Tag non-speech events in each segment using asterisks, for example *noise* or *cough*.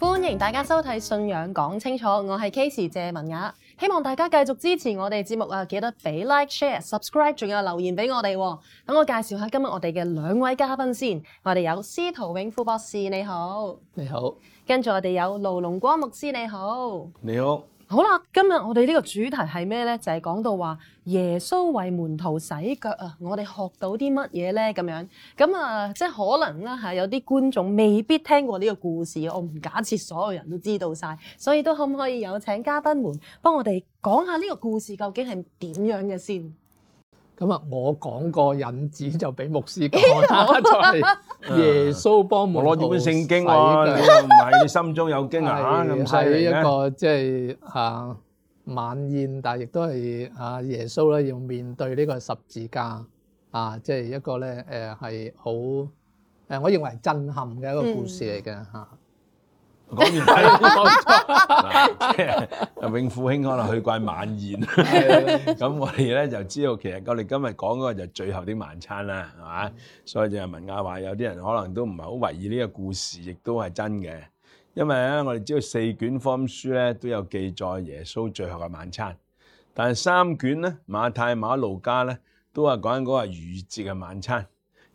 歡迎大家收睇《信仰講清楚》，我係 Casey 謝文雅，希望大家繼續支持我哋節目啊！記得俾 Like、Share、Subscribe，仲有留言俾我哋。等我介紹下今日我哋嘅兩位嘉賓先。我哋有司徒永富博士，你好，你好。跟住我哋有盧龍光牧師，你好，你好。好啦，今日我哋呢個主題係咩呢？就係講到話耶穌為門徒洗腳啊！我哋學到啲乜嘢呢？咁樣咁啊，即係可能啦吓，有啲觀眾未必聽過呢個故事，我唔假設所有人都知道晒，所以都可唔可以有請嘉賓們幫我哋講下呢個故事究竟係點樣嘅先？咁啊，我講個引子就俾牧師講，再耶穌幫忙攞住本聖經喎，唔係你心中有經啊咁犀利咧。係一個即係啊晚宴，但係亦都係啊耶穌咧要面對呢個十字架啊，即係一個咧誒係好誒，我認為震撼嘅一個故事嚟嘅嚇。完講完啲晚餐，即係永富兄可能去怪晚宴。咁我哋咧就知道，其實我哋今日講嗰個就最後啲晚餐啦，係嘛？所以就問阿話有啲人可能都唔係好懷疑呢個故事，亦都係真嘅。因為咧，我哋知道四卷福音書咧都有記載耶穌最後嘅晚餐，但係三卷咧，馬太馬可呢、馬路加咧都係講緊嗰個逾越節嘅晚餐。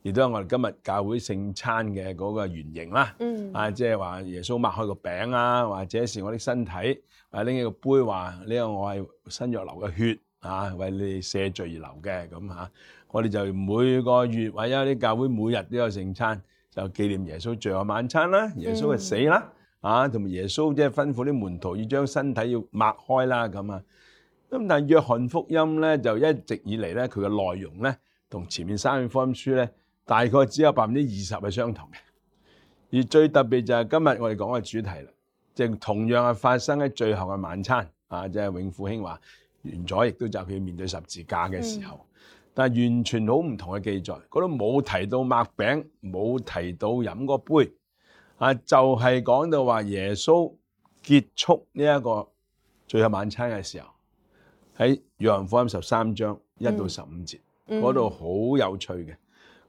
亦都係我哋今日教會聖餐嘅嗰個原型啦，啊，即係話耶穌擘開個餅啊，或者是我啲身體啊，拎起個杯，話呢個我係新約流嘅血啊，為你哋赦罪而流嘅咁吓。我哋就每個月或者啲教會每日都有聖餐，就紀念耶穌最後晚餐啦。耶穌係死啦，啊，同埋耶穌即係吩咐啲門徒要將身體要擘開啦咁啊。咁但係約翰福音咧就一直以嚟咧佢嘅內容咧同前面三卷福音書咧。大概只有百分之二十係相同嘅，而最特別就係今日我哋講嘅主題啦，即係同樣係發生喺最後嘅晚餐啊，即係永富兄話完咗，亦都就係佢面對十字架嘅時候，嗯、但係完全好唔同嘅記載，嗰度冇提到擘餅，冇提到飲個杯，啊，就係講到話耶穌結束呢一個最後晚餐嘅時候，喺約翰福音十三章一到十五節，嗰度好有趣嘅。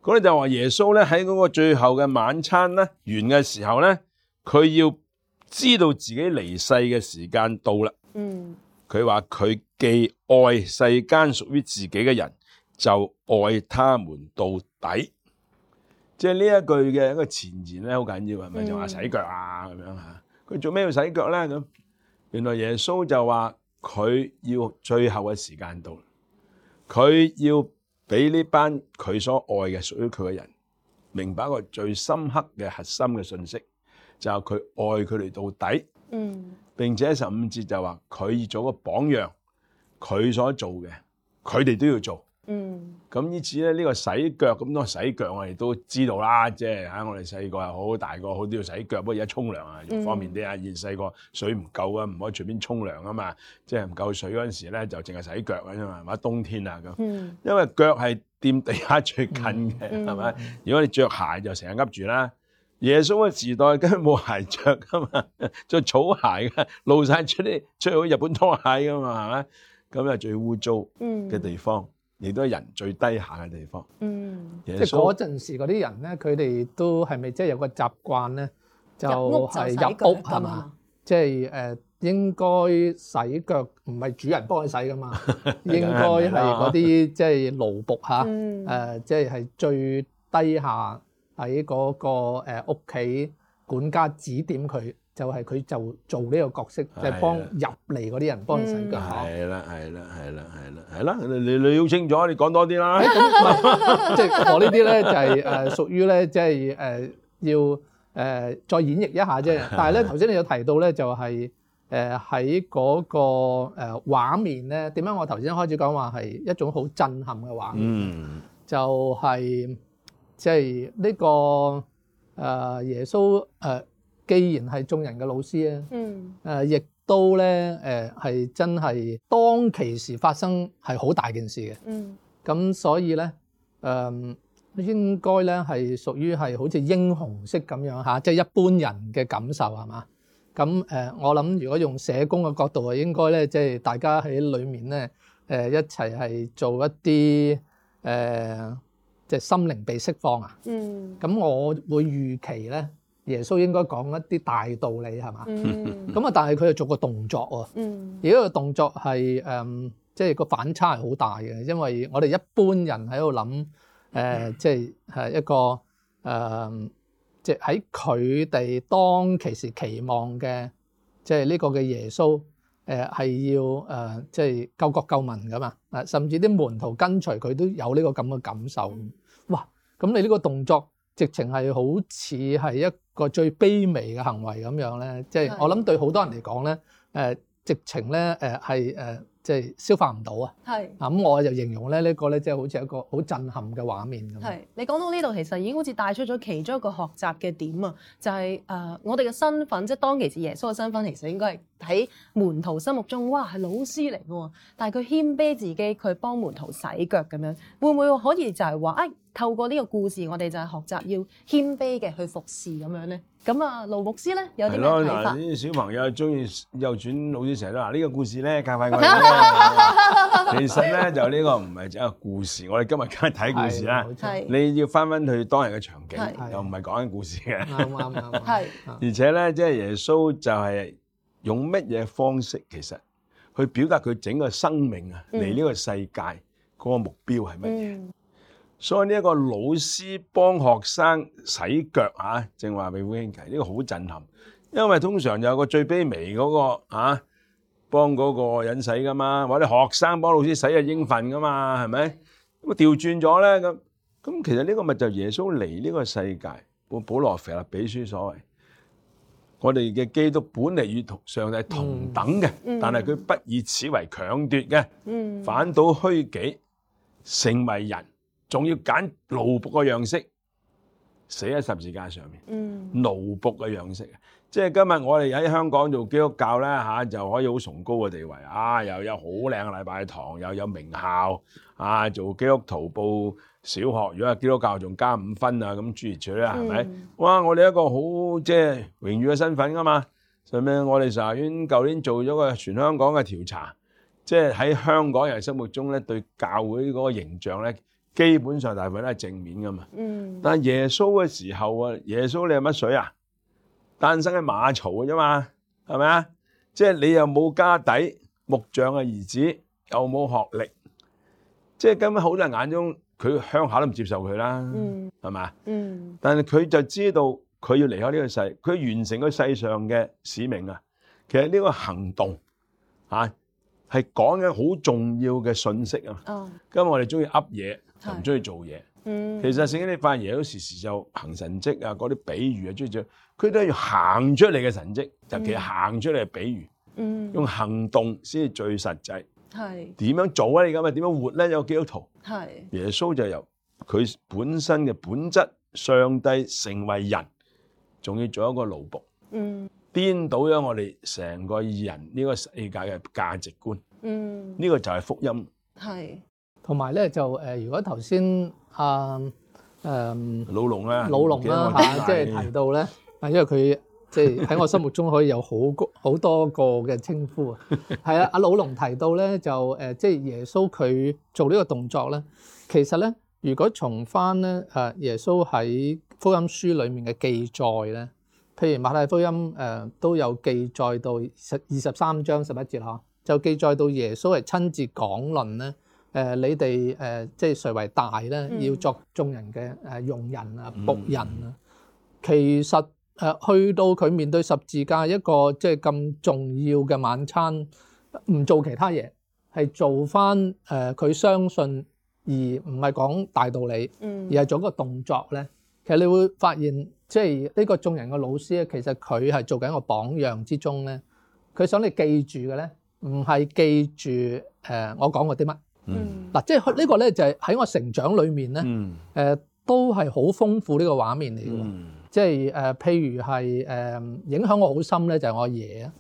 我哋就話耶穌咧喺嗰個最後嘅晚餐咧完嘅時候咧，佢要知道自己離世嘅時間到啦。嗯，佢話佢既愛世間屬於自己嘅人，就愛他們到底。嗯、即係呢一句嘅一個前言咧，好緊要啊，係咪？就話，是，洗腳啊，咁樣吓？佢做咩要洗腳咧？咁原來耶穌就話佢要最後嘅時間到，佢要。俾呢班佢所愛嘅屬於佢嘅人，明白一個最深刻嘅核心嘅信息，就係佢愛佢哋到底。嗯。並且十五節就話佢要做個榜樣，佢所做嘅，佢哋都要做。嗯，咁呢次咧呢、呢個洗腳咁多洗腳，我哋都知道啦。即係、啊、我哋細個又好，大個好都要洗腳、嗯。不過而家沖涼啊，方便啲啊。以前細個水唔夠啊，唔可以隨便沖涼啊嘛。即係唔夠水嗰陣時咧，就淨係洗腳啊嘛。冬天啊咁，嗯、因為腳係掂地下最近嘅，係咪、嗯？如果你着鞋就成日噏住啦。耶穌嘅時代根本冇鞋着噶嘛，着草鞋啊，露晒出啲，著好日本拖鞋噶嘛，係咪？咁啊最污糟嘅地方。嗯亦都係人最低下嘅地方。嗯，穌即係嗰陣時嗰啲人咧，佢哋都係咪即係有個習慣咧？就係、是、入屋係嘛？是吧即係誒、呃，應該洗腳，唔係主人幫佢洗㗎嘛？ *laughs* 應該係嗰啲即係奴僕嚇，誒、啊，即係最低下喺嗰、那個屋企、呃、管家指點佢。就係佢就做呢個角色，就係、是、幫入嚟嗰啲人幫佢洗腳㗎。係啦，係啦，係啦，係啦，係啦。你你瞭清楚，你講多啲啦。即係我呢啲咧，就係誒屬於咧，即係誒要誒再演繹一下啫。但係咧，頭先你有提到咧，就係誒喺嗰個誒畫面咧，點解我頭先開始講話係一種好震撼嘅畫面？就係即係呢個誒耶穌誒。既然係眾人嘅老師啊，嗯，誒亦都咧誒係真係當其時發生係好大件事嘅，嗯，咁所以咧誒應該咧係屬於係好似英雄式咁樣吓，即係一般人嘅感受係嘛？咁誒我諗如果用社工嘅角度啊，應該咧即係大家喺裡面咧誒一齊係做一啲誒即係心靈被釋放啊，嗯，咁我會預期咧。耶穌應該講一啲大道理係嘛？咁啊，但係佢又做個動作喎。而嗰個動作係誒，即係個反差係好大嘅，因為我哋一般人喺度諗誒，即係係一個誒，即係喺佢哋當其時期望嘅，即係呢個嘅耶穌誒，係要誒，即係救國救民㗎嘛。啊，甚至啲門徒跟隨佢都有呢個咁嘅感受。哇！咁你呢個動作？直情係好似係一個最卑微嘅行為咁樣咧，即係我諗對好多人嚟講咧，誒直情咧誒係誒即係消化唔到啊！係啊咁，我就形容咧呢個咧即係好似一個好震撼嘅畫面咁。係你講到呢度，其實已經好似帶出咗其中一個學習嘅點啊，就係誒我哋嘅身份，即係當其時耶穌嘅身份，其實應該係喺門徒心目中，哇係老師嚟㗎，但係佢謙卑自己，佢幫門徒洗腳咁樣，會唔會可以就係話誒，哎透過呢個故事，我哋就係學習要謙卑嘅去服侍咁樣咧。咁啊，盧牧師咧有啲咩睇法？係咯，嗱，啲小朋友中意右轉老師成日都話呢個故事咧教翻我哋咧。其實咧就呢個唔係一個故事，我哋今日梗係睇故事啦。你要翻翻去當日嘅場景，又唔係講緊故事嘅。啱啱啱，係。而且咧，即係耶穌就係用乜嘢方式，其實去表達佢整個生命啊，嚟呢個世界嗰個目標係乜嘢？所以呢一個老師幫學生洗腳吓，正話未會傾偈，呢、這個好震撼。因為通常有個最卑微嗰、那個啊，幫嗰個人洗噶嘛，或者學生幫老師洗係應份噶嘛，係咪？咁啊調轉咗咧，咁咁其實呢個咪就是耶穌嚟呢個世界。本保羅腓立比書所謂，我哋嘅基督本嚟與同上帝同等嘅，嗯、但係佢不以此為強奪嘅，嗯、反倒虛己成為人。仲要揀奴僕嘅樣式，死喺十字架上面。奴僕嘅樣式，即係今日我哋喺香港做基督教咧嚇，就可以好崇高嘅地位啊！又有好靚嘅禮拜堂，又有名校啊，做基督教徒報小學，如果基督教仲加五分啊，咁諸如此類，係咪？哇！我哋一個好即係榮譽嘅身份噶嘛。上面我哋神學院舊年做咗個全香港嘅調查，即係喺香港人心目中咧，對教會嗰個形象咧。基本上大部分都係正面噶嘛，但係耶穌嘅時候啊，耶穌你係乜水啊？誕生喺馬槽嘅啫嘛，係咪啊？即係你又冇家底，木匠嘅兒子又冇學歷，即係根本好多人眼中佢鄉下都唔接受佢啦，係咪啊、嗯？但係佢就知道佢要離開呢個世，佢完成佢世上嘅使命啊！其實呢個行動啊，係講緊好重要嘅信息啊！哦、今日我哋中意噏嘢。是就唔中意做嘢，嗯、其實聖經你發現有時時就行神蹟啊，嗰啲比喻啊，中意做。佢都要行出嚟嘅神蹟，尤其行出嚟嘅比喻，嗯、用行動先至最實際。係點是樣做咧、啊？你咁啊？點樣活咧？有幾多圖？係是耶穌就由佢本身嘅本質，上帝成為人，仲要做一個奴僕，嗯、顛倒咗我哋成個人呢個世界嘅價值觀。嗯，呢個就係福音。係。同埋咧就誒，如果頭先啊誒老龍啦，老龍啦嚇，即係提到咧，因為佢即係喺我心目中可以有好好好多個嘅稱呼啊。係啊，阿老龍提到咧就誒，即係耶穌佢做呢個動作咧，其實咧，如果從翻咧誒耶穌喺福音書裡面嘅記載咧，譬如馬太福音誒都有記載到十二十三章十一節啦，就記載到耶穌係親自講論咧。誒、呃，你哋誒、呃，即係誰為大咧？要作眾人嘅誒、呃、用人啊、僕人啊。嗯、其實誒、呃，去到佢面對十字架一個即係咁重要嘅晚餐，唔做其他嘢，係做翻誒佢相信而唔係講大道理，而係做一個動作咧。其實你會發現，即係呢個眾人嘅老師咧，其實佢係做緊一個榜樣之中咧。佢想你記住嘅咧，唔係記住誒、呃、我講過啲乜。嗱，即係呢個咧就係喺我成長裡面咧，誒、嗯、都係好豐富呢個畫面嚟嘅。即係誒，譬如係誒、呃、影響我好深咧，就係我阿爺啊。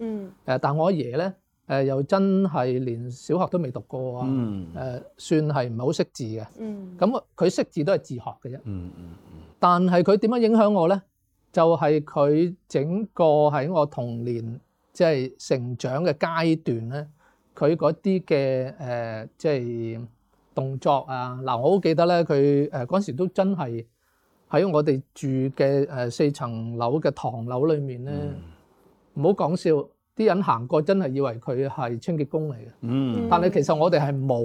誒，但我阿爺咧誒又真係連小學都未讀過啊。誒、嗯呃，算係唔係好識字嘅。咁佢、嗯、識字都係自學嘅啫。嗯嗯嗯、但係佢點樣影響我咧？就係、是、佢整個喺我童年即係、就是、成長嘅階段咧。佢嗰啲嘅誒，即係動作啊！嗱、呃，我好記得咧，佢誒嗰陣時都真係喺我哋住嘅誒、呃、四層樓嘅唐樓裏面咧，唔好講笑，啲人行過真係以為佢係清潔工嚟嘅。嗯，但係其實我哋係冇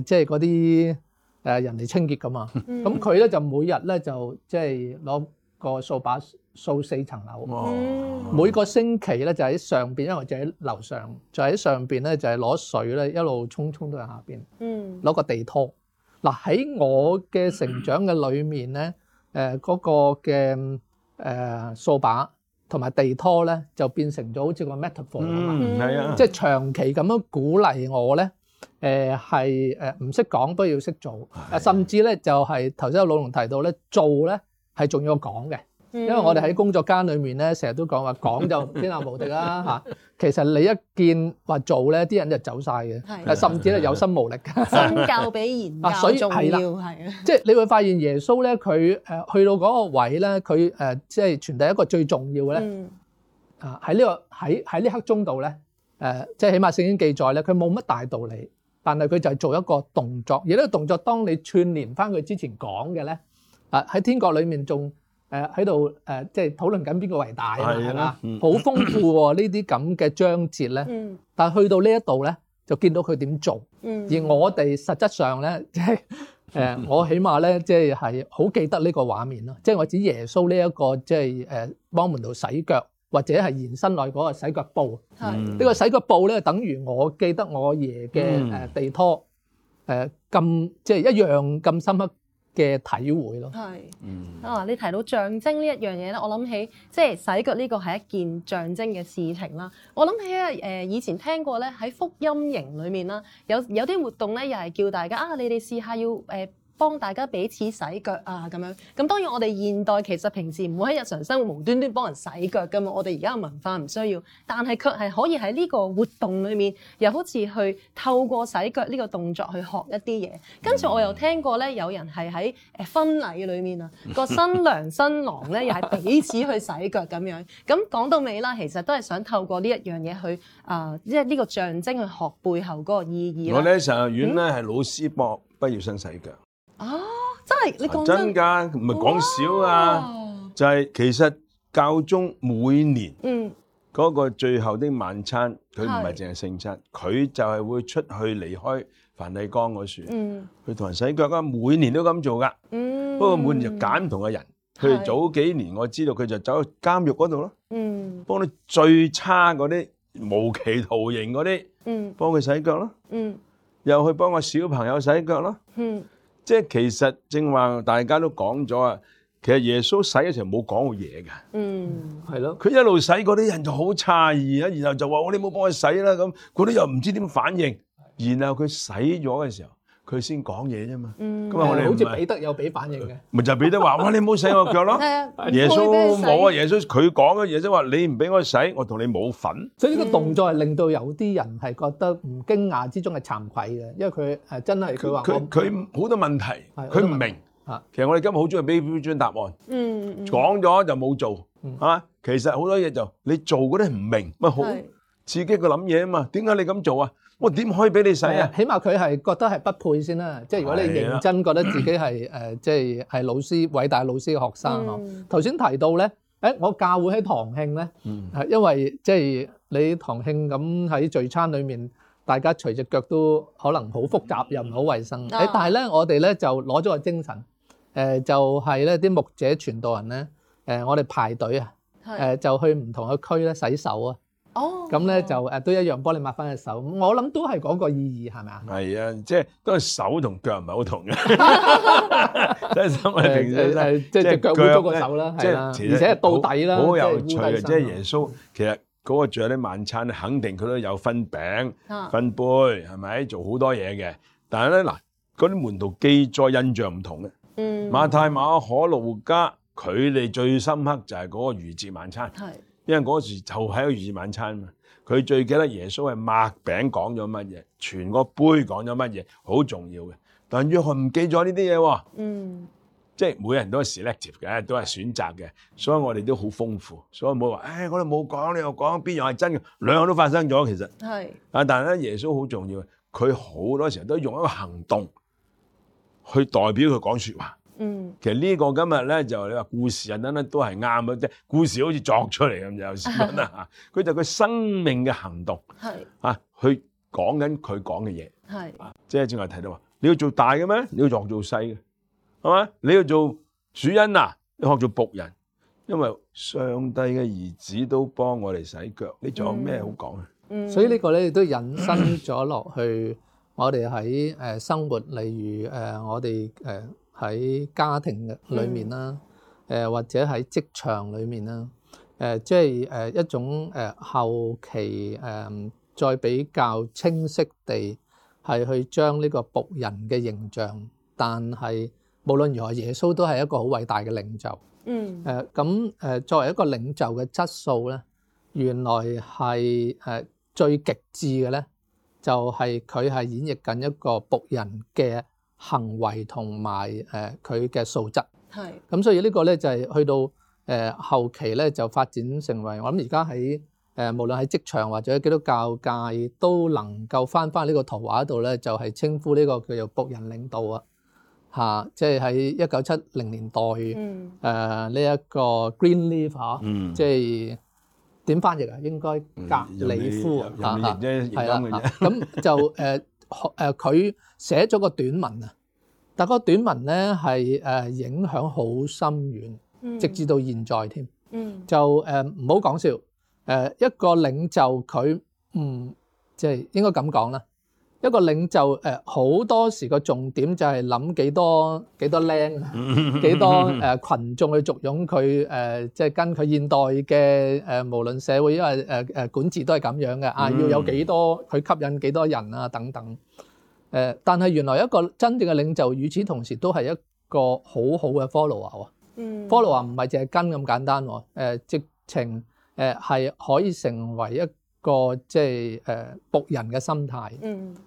誒，即係嗰啲誒人嚟清潔噶嘛。咁佢咧就每日咧就即係攞個掃把。掃四層樓，每個星期咧就喺上邊，因為就喺樓上，就喺上邊咧就係攞水咧，一路沖沖到下邊，攞個地拖。嗱，喺我嘅成長嘅裏面咧，誒嗰個嘅誒掃把同埋地拖咧就變成咗好似個 metaphor 啊嘛，即係長期咁樣鼓勵我咧，誒係誒唔識講都要識做，甚至咧就係頭先阿老龍提到咧做咧係仲要講嘅。因為我哋喺工作間裏面咧，成日都講話講就天下無敵啦嚇。 *laughs* 其實你一見話做咧，啲人就走晒嘅， *laughs* 甚至咧有心無力嘅。身教比言教重要，係啊。即係 *laughs* 你會發現耶穌咧，佢誒去到嗰個位咧，佢誒即係傳遞一個最重要嘅咧。啊、 *laughs* 這個，喺呢個喺喺呢刻中度咧，誒即係起碼聖經記載咧，佢冇乜大道理，但係佢就係做一個動作。而呢個動作，當你串連翻佢之前講嘅咧，啊喺天國裏面仲。誒喺度誒，即係討論緊邊個偉大啊？係啦，好豐富喎！呢啲咁嘅章節咧，但係去到呢一度咧，就見到佢點做。而我哋實質上咧，即係誒，我起碼咧，即係係好記得呢個畫面咯。即係我指耶穌呢一個，即係誒幫門徒洗腳，或者係延伸來嗰個洗腳布。係呢個洗腳布咧，等於我記得我爺嘅誒地拖誒咁，即係一樣咁深刻。嘅體會咯，係，嗯、啊，你提到象徵呢一樣嘢咧，我諗起即係洗腳呢個係一件象徵嘅事情啦。我諗起咧，誒、呃、以前聽過咧，喺福音營裡面啦，有有啲活動咧，又係叫大家啊，你哋試下要誒。呃幫大家彼此洗腳啊咁樣，咁當然我哋現代其實平時唔會喺日常生活無端端幫人洗腳㗎嘛，我哋而家嘅文化唔需要，但係卻係可以喺呢個活動裏面，又好似去透過洗腳呢個動作去學一啲嘢。跟住我又聽過咧，有人係喺誒婚禮裡面啊，個新娘新郎咧又係彼此去洗腳咁樣。咁講到尾啦，其實都係想透過呢一樣嘢去啊、呃，即係呢個象徵去學背後嗰個意義。我哋喺神學院咧係老師博畢業生洗腳。哦，真係你講真㗎，唔係講少啊！就係其實教宗每年嗰個最後的晚餐，佢唔係淨係聖餐，佢就係會出去離開梵蒂岡嗰處，去同人洗腳啊！每年都咁做㗎。不過每年就揀唔同嘅人。佢早幾年我知道佢就走去監獄嗰度咯，幫你最差嗰啲無期徒刑嗰啲，幫佢洗腳咯。又去幫個小朋友洗腳咯。即係其實正話大家都講咗啊，其實耶穌洗嘅時候冇講過嘢㗎。嗯，係咯。佢一路洗嗰啲人就好詫異啊，然後就話：我哋冇幫佢洗啦咁。佢啲又唔知點反應。然後佢洗咗嘅時候。佢先講嘢啫嘛，咁啊我哋好似彼得有俾反應嘅，咪就係彼得話：哇，你唔好洗我腳咯！耶穌冇啊，耶穌佢講嘅嘢即係話：你唔俾我洗，我同你冇份。所以呢個動作係令到有啲人係覺得唔驚訝之中係慚愧嘅，因為佢係真係佢話我佢佢好多問題，佢唔明。其實我哋今日好中意俾標準答案，講咗就冇做啊！其實好多嘢就你做嗰啲唔明，咪好刺激佢諗嘢啊嘛？點解你咁做啊？我點、哦、可以俾你洗啊？起碼佢係覺得係不配先啦、啊。即係如果你認真覺得自己係即係老師偉大老師嘅學生咯。頭先、嗯、提到咧，誒我教會喺堂慶咧，嗯、因為即係你堂慶咁喺聚餐裏面，大家隨隻腳都可能好複雜、嗯、又唔好衛生。誒、嗯、但係咧，我哋咧就攞咗個精神，誒、呃、就係咧啲牧者傳道人咧、呃，我哋排隊啊的、呃，就去唔同嘅區咧洗手啊。哦，咁咧就都一樣幫你抹翻隻手，我諗都係講個意義，係咪啊？係啊，即係都係手同腳唔係好同嘅，即係心平定即係即係腳污糟過手啦，係啦，而且到底啦，好有趣啊！即係耶穌其實嗰個最後啲晚餐，肯定佢都有分餅、分杯，係咪做好多嘢嘅？但係咧嗱，嗰啲門徒記載印象唔同嘅，馬太、馬可、路加，佢哋最深刻就係嗰個逾節晚餐。係。因為嗰時就喺個逾越晚餐嘛，佢最記得耶穌係擘餅講咗乜嘢，傳個杯講咗乜嘢，好重要嘅。但約翰唔記咗呢啲嘢，嗯，即係每人都係 selective 嘅，都係選擇嘅，所以我哋都好豐富，所以唔好話，誒、哎，我哋冇講，你又講，邊樣係真嘅，兩樣都發生咗，其實係，啊是，但係咧耶穌好重要，佢好多時候都用一個行動去代表佢講說話。嗯，其實呢個今日咧，就你話故事人等都係啱嘅啫，故事好似作出嚟，咁有時，佢就佢生命嘅行動，係是啊，佢講緊佢講嘅嘢，係是，即係正話提到話你要做大嘅咩？你要作做細嘅，係嘛？你要做主人啊，你要學做僕人，因為上帝嘅兒子都幫我哋洗腳，你仲有咩好講？嗯？嗯，所以呢個咧都引申咗落去 *coughs* 我哋喺誒生活，例如誒、呃、我哋誒。呃喺家庭嘅裏面啦，誒或者喺職場裏面啦，誒即係誒一種誒後期誒再比較清晰地係去將呢個僕人嘅形象，但係無論如何，耶穌都係一個好偉大嘅領袖。嗯，誒咁誒作為一個領袖嘅質素咧，原來係誒最極致嘅咧，就係佢係演繹緊一個僕人嘅。行為同埋誒佢嘅素質，係咁，所以呢個咧就係去到誒後期咧就發展成為我諗而家喺誒無論喺職場或者喺基督教界都能夠翻翻呢個圖畫度咧，就係稱呼呢個叫做僕人領導啊，嚇！即係喺一九七零年代誒呢一個 Greenleaf 嚇，即係點翻譯啊？應該格里夫嚇嚇，係啦，咁就誒。誒佢寫咗個短文啊，但個個短文咧係誒影響好深遠，直至到現在添。嗯，就誒唔好講笑，誒一個領袖佢唔即係應該咁講啦。一個領袖誒，好多時個重點就係諗幾多幾多靚，幾多誒羣眾去簇擁佢誒，即係跟佢現代嘅誒，無論社會因為誒誒管治都係咁樣嘅啊，要有幾多佢吸引幾多人啊等等誒，但係原來一個真正嘅領袖，與此同時都係一個好好嘅 follower 喎，follower 唔係淨係跟咁簡單喎，誒直情誒係可以成為一。個即係誒僕人嘅心態，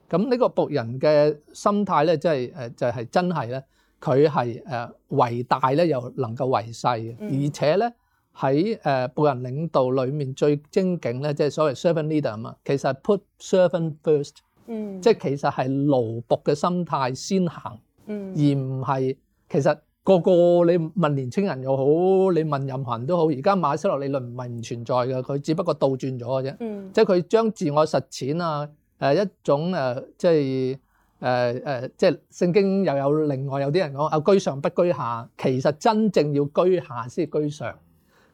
咁呢、嗯、個僕人嘅心態咧，即係誒就係、是就是、真係咧，佢係誒為大咧，又能夠為細，嗯、而且咧喺誒僕人領導裏面最精警咧，即、就、係、是、所謂 servant leader 啊嘛，其實 put servant first，、嗯、即係其實係奴僕嘅心態先行，嗯、而唔係其實。個個你問年青人又好，你問任何人都好，而家馬斯洛理論唔係唔存在嘅，佢只不過倒轉咗嘅啫。嗯，即係佢將自我實踐啊，誒一種誒、啊啊啊，即係誒誒，即係聖經又有另外有啲人講啊，居上不居下，其實真正要居下先居上。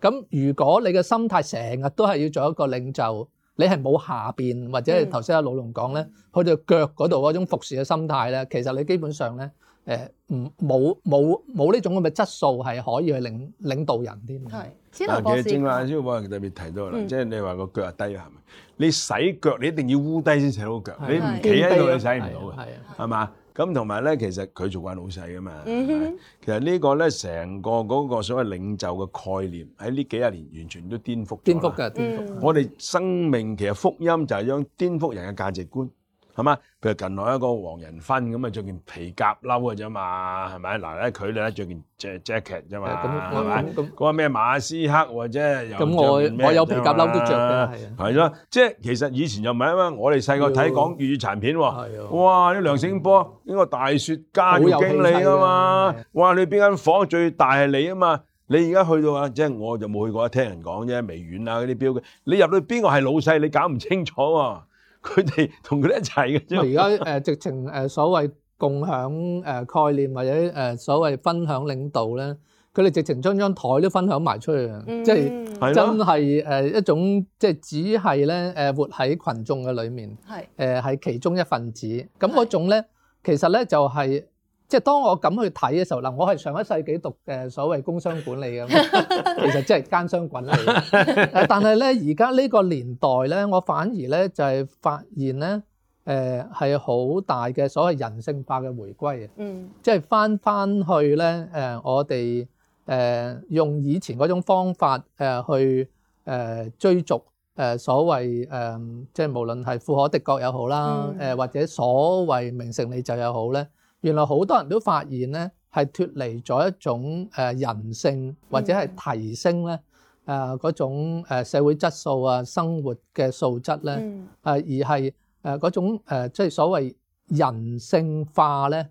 咁如果你嘅心態成日都係要做一個領袖，你係冇下邊，或者頭先阿老龍講咧，去到腳嗰度嗰種服侍嘅心態咧，其實你基本上咧。誒唔冇冇冇呢種咁嘅質素係可以去領領導人添，係。其實正話蕭博士特別提到啦，嗯、即係你話個腳低啊，係咪？你洗腳你一定要烏低先洗，腳是洗到腳，你唔企喺度你洗唔到嘅，係啊，係嘛？咁同埋咧，其實佢做慣老細㗎嘛，嗯、哼其實呢個整個咧，成個嗰個所謂領袖嘅概念喺呢幾廿年完全都顛覆，顛覆㗎，顛覆嘅。嗯、我哋生命其實福音就係將顛覆人嘅價值觀。係咪？譬如近來一個黃仁勳咁啊，着件皮夾褸嘅啫嘛，係咪？嗱咧，佢咧着件即係 jacket 啫嘛，係咪，嗯？嗰個咩馬斯克或者又着件咩？咁我我有皮夾褸都着嘅，係咯。即係的的其實以前又唔係啊嘛，我哋細個睇講粵語殘片喎，哇！呢梁醒波呢個、嗯、大雪家會經理啊嘛，哇！你邊間房最大係你啊嘛？你而家去到啊，即係我就冇去過，聽人講啫。微軟啊嗰啲標嘅，你入到邊個係老細，你搞唔清楚啊。佢哋同佢哋一齊嘅啫。而家誒直情誒所謂共享誒概念或者誒所謂分享領導咧，佢哋直情將張台都分享埋出去，即係、嗯、真係誒一種即係只係咧誒活喺群眾嘅裏面，係誒係其中一份子。咁嗰種咧，其實咧就係、是。即係當我咁去睇嘅時候，嗱，我係上一世紀讀誒所謂工商管理嘅，其實即係奸商管理。但係咧，而家呢個年代咧，我反而咧就係發現咧，誒係好大嘅所謂人性化嘅回歸啊！嗯，即係翻返去咧，誒、呃、我哋誒、呃、用以前嗰種方法誒、呃、去誒、呃、追逐誒、呃、所謂誒、呃，即係無論係富可敵國又好啦，誒、呃、或者所謂名成利就又好咧。原來好多人都發現咧，係脫離咗一種人性或者係提升咧嗰種社會質素啊、生活嘅素質咧，而係嗰種即係所謂人性化咧，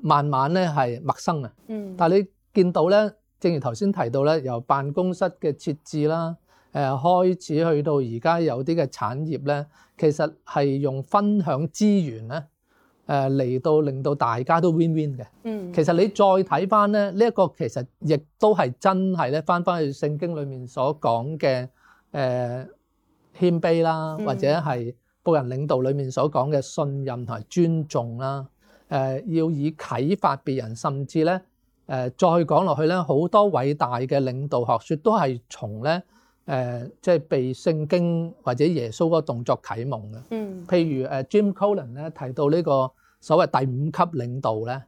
慢慢咧係陌生啊。但係你見到咧，正如頭先提到咧，由辦公室嘅設置啦，誒開始去到而家有啲嘅產業咧，其實係用分享資源咧。誒嚟到令到大家都 win win 嘅，嗯，其實你再睇翻咧，呢一個其實亦都係真係咧，翻翻去聖經裏面所講嘅誒謙卑啦，或者係個人領導裏面所講嘅信任同埋尊重啦、呃，要以啟發別人，甚至咧、呃、再講落去咧，好多偉大嘅領導學説都係從咧。誒、呃、即係被聖經或者耶穌嗰個動作啟蒙嘅，嗯，譬如誒 Jim Collins 咧提到呢個所謂第五級領導咧，誒、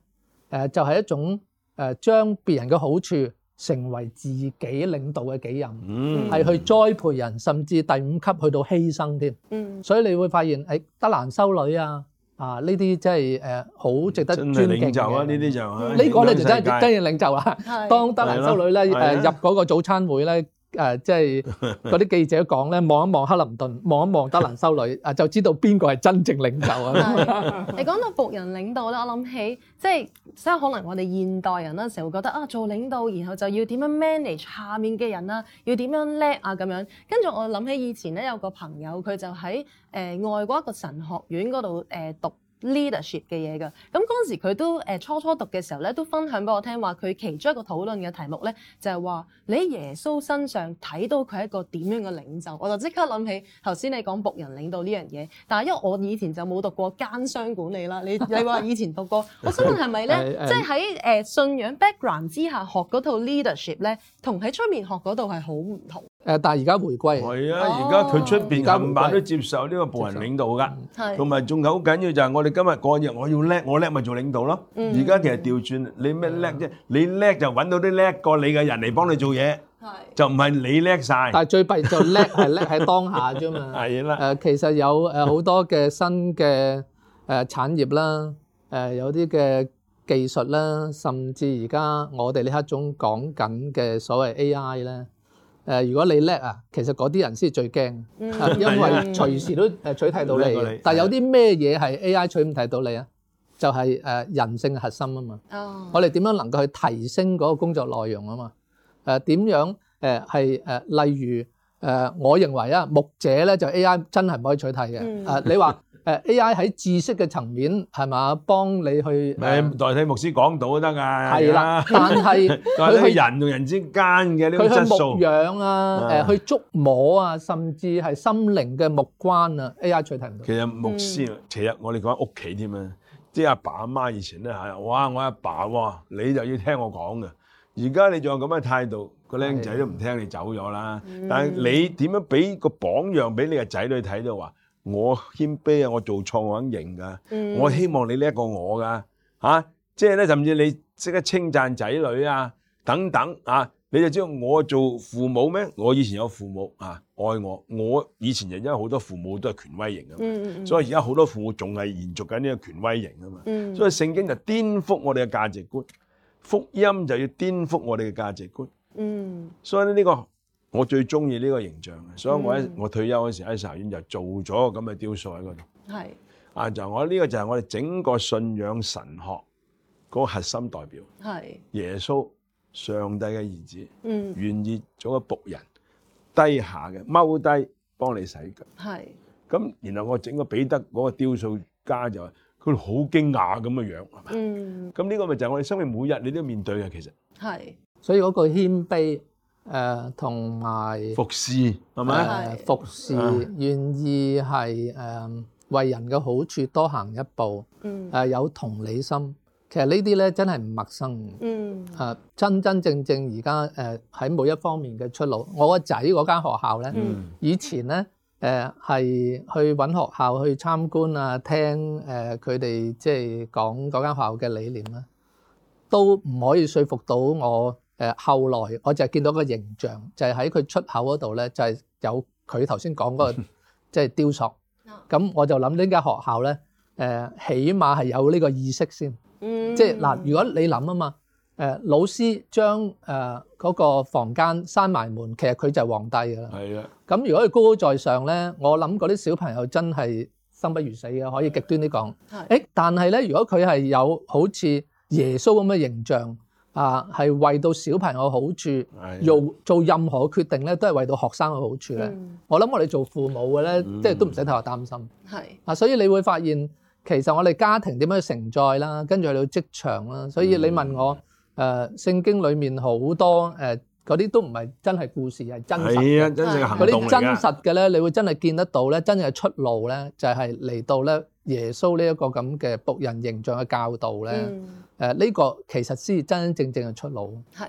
呃、就係、是、一種誒將別人嘅好處成為自己領導嘅己任，嗯，係去栽培人，甚至第五級去到犧牲添，嗯，所以你會發現誒德蘭修女啊，啊呢啲真係誒好值得尊敬真係領袖啊呢啲就，呢個咧就真係真係領袖啊，當當德蘭修女咧誒入嗰個早餐會咧。誒，即係嗰啲記者講咧，望一望克林頓，望一望德蘭修女，啊，就知道邊個係真正領袖啊！你講到僕人領導咧，我諗起即係，因為可能我哋現代人啦，成日會覺得啊，做領導然後就要點樣 manage 下面嘅人啦，要點樣叻啊咁樣。跟住我諗起以前咧，有個朋友佢就喺誒外國一個神學院嗰度誒讀。leadership 嘅嘢㗎。咁嗰陣時佢都誒初初讀嘅時候咧，都分享俾我聽話佢其中一個討論嘅題目咧，就係話你喺耶穌身上睇到佢一個點樣嘅領袖，我就即刻諗起頭先你講僕人領導呢樣嘢，但係因為我以前就冇讀過奸商管理啦，你你話以前讀過， *laughs* 我想問係咪咧， *laughs* 即係喺誒信仰 background 之下學嗰套 leadership 咧，同喺出面學嗰度係好唔同？誒，但係而家回歸係啊。而家佢出邊，唔板都接受呢個部人領導噶，同埋仲有好緊要就係我哋今日個日，我要叻，我叻咪做領導咯。而家其實調轉，你咩叻啫？你叻就揾到啲叻過你嘅人嚟幫你做嘢，就唔係你叻晒。但係最弊就叻係叻喺當下啫嘛。係啦，誒，其實有誒好多嘅新嘅誒產業啦，誒，有啲嘅技術啦，甚至而家我哋呢一刻講緊嘅所謂 AI 咧。誒，如果你叻啊，其實嗰啲人先係最驚，因為隨時都誒取替到你。但係有啲咩嘢係 AI 取唔替到你啊？就係誒人性嘅核心啊嘛。哦，我哋點樣能夠去提升嗰個工作內容啊嘛？誒點樣誒係誒例如誒，我認為啊，牧者呢就 AI 真係唔可以取替嘅。誒，你話。誒，A.I. 喺知識嘅層面係嘛？幫你去誒代替牧師講到都得噶。係啦，但係佢去人同人之間嘅呢種質素，去牧養啊，誒、啊、去觸摸啊，甚至係心靈嘅目關啊。A.I. 取替唔到。其實牧師，嗯、其實我哋講屋企添啊，即係阿爸阿媽以前咧吓，哇我阿爸，你就要聽我講嘅。而家你仲有咁嘅態度，個僆仔都唔聽你走咗啦。是嗯、但係你點樣俾個榜樣俾你個仔女睇到話？我謙卑啊！我做錯我肯認噶，我希望你呢一個我噶，吓、啊，即係咧，甚至你識得稱讚仔女啊，等等啊，你就知道我做父母咩？我以前有父母啊，愛我，我以前就因為好多父母都係權威型啊，嗯嗯，所以而家好多父母仲係延續緊呢個權威型啊嘛，嗯、所以聖經就顛覆我哋嘅價值觀，福音就要顛覆我哋嘅價值觀，嗯、所以呢、這、呢個。我最中意呢個形象嘅，所以我喺、嗯、我退休嗰時喺沙園就做咗個咁嘅雕塑喺嗰度。係啊是，就我呢、這個就係我哋整個信仰神學嗰個核心代表。係是耶穌上帝嘅兒子，願意、嗯、做一個僕人，低下嘅踎低幫你洗腳。係咁是，然後我整個彼得嗰個雕塑家就佢好驚訝咁嘅樣，係嘛？嗯，咁呢個咪就係我哋生命每日你都要面對嘅其實。係，所以嗰個謙卑。誒同埋服侍，係咪、呃？係服侍、呃、願意係誒、呃、為人嘅好處多行一步。嗯誒、呃、有同理心，其實這些呢啲咧真係唔陌生。嗯啊、呃、真真正正而家誒喺每一方面嘅出路，我個仔嗰間學校咧，嗯、以前咧誒係去搵學校去參觀啊，聽誒佢哋即係講嗰間學校嘅理念咧，都唔可以說服到我。誒後來我就見到個形象，就係喺佢出口嗰度咧，就係有佢頭先講嗰個即係雕塑。咁我就諗呢間學校咧，誒起碼係有呢個意識先。嗯、即係嗱，如果你諗啊嘛，誒老師將誒嗰、呃嗰個房間閂埋門，其實佢就係皇帝㗎啦。係啊的。咁如果佢高高在上咧，我諗嗰啲小朋友真係生不如死嘅，可以極端啲講。係的、欸。但係咧，如果佢係有好似耶穌咁嘅形象。啊，係為到小朋友好處，係做任何決定咧，都係為到學生嘅好處咧。的嗯、我諗我哋做父母嘅咧，即係都唔使太話擔心。係啊，所以你會發現其實我哋家庭點樣去承載啦，跟住去到職場啦。所以你問我誒、呃，聖經裡面好多誒嗰啲都唔係真係故事，係真實嘅行動嚟嘅。嗰啲真實嘅咧，你會真係見得到咧，真正嘅出路咧就係、是、嚟到咧耶穌呢一個咁嘅僕人形象嘅教導咧。嗯誒呢、啊，這個其實先至真真正正嘅出路。係，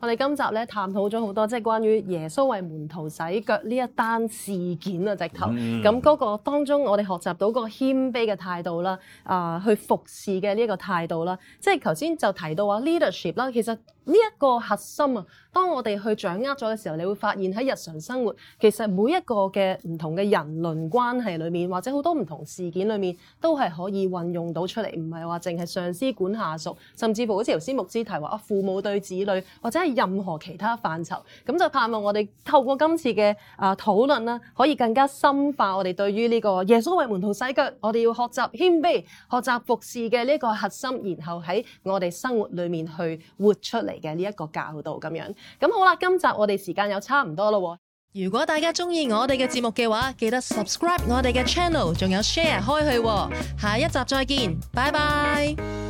我哋今集咧探討咗好多，即係關於耶穌為門徒洗腳呢一單事件啊，直頭咁、嗯、個當中，我哋學習到個謙卑嘅態度啦，啊、呃，去服侍嘅呢一個態度啦。即係頭先就提到話 leadership 啦，其實呢一個核心啊，當我哋去掌握咗嘅時候，你會發現喺日常生活，其實每一個嘅唔同嘅人倫關係裏面，或者好多唔同事件裏面，都係可以運用到出嚟，唔係話淨係上司管下。甚至乎好似頭先牧師提話啊，父母對子女或者係任何其他範疇，咁就盼望我哋透過今次嘅啊討論啦，可以更加深化我哋對於呢個耶穌為門徒洗腳，我哋要學習謙卑、學習服侍嘅呢個核心，然後喺我哋生活裏面去活出嚟嘅呢一個教導咁樣。咁好啦，今集我哋時間又差唔多咯。如果大家中意我哋嘅節目嘅話，記得 subscribe 我哋嘅 channel，仲有 share 開去喎。下一集再見，拜拜。